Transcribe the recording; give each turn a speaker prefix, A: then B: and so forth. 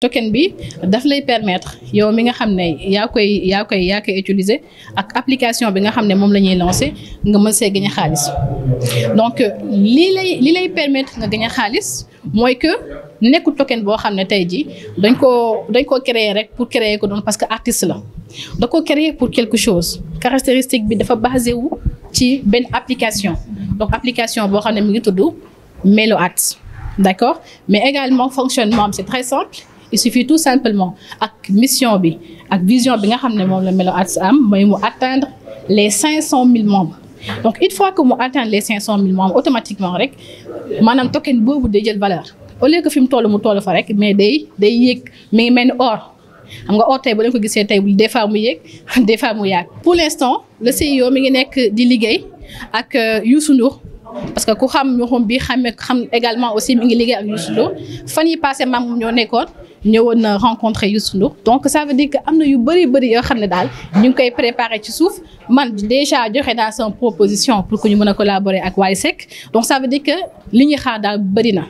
A: token bi daf lay permettre yow mi nga xam ne yaa koy yaa koy yaa koy ak application bi nga xam ne moom la ñuy lancer nga mën see gagner xaalis donc lii lay lii lay permettre nga gagner xaalis mooy que nekkul token boo xam ne tey jii dañ koo dañ koo créer rek pour créer ko doon parce que artiste la da ko créer pour quelque chose caractéristique bi dafa basé wu ci benn application donc application boo xam ne mu ngi tudd Melo Arts d'accord mais également fonctionnement c'est très simple il suffit tout simplement ak mission bi ak vision bi nga xam ne moom la Melo Arts am mooy mu atteindre les cinq cent mille membres donc une fois que mu atteindre les cinq cent mille membres automatiquement rek maanaam token boobu day jël valeur au lieu fi mu toll mu toll fa rek mais day day yéeg mi ngi mel ni or xam nga or tey ba leen ko gisee tey des fois mu yéeg des fois mu yàgg pour l' instant le CIO e mi ngi nekk di liggéey ak euh, Youssou Ndour parce que ku xam ñoom bi xame xam également aussi mi ngi liggéey ak Youssou ñëwoon na rencontré yu sundu donc ça veut dire que am na yu bëri bëri yoo xam ne daal ñu ngi koy préparé ci suuf man déjà joxe naa sama proposition pour que ñu mën a collaborer ak Wally Seck donc ça veut
B: dire que li ñuy xaar daal bëri na.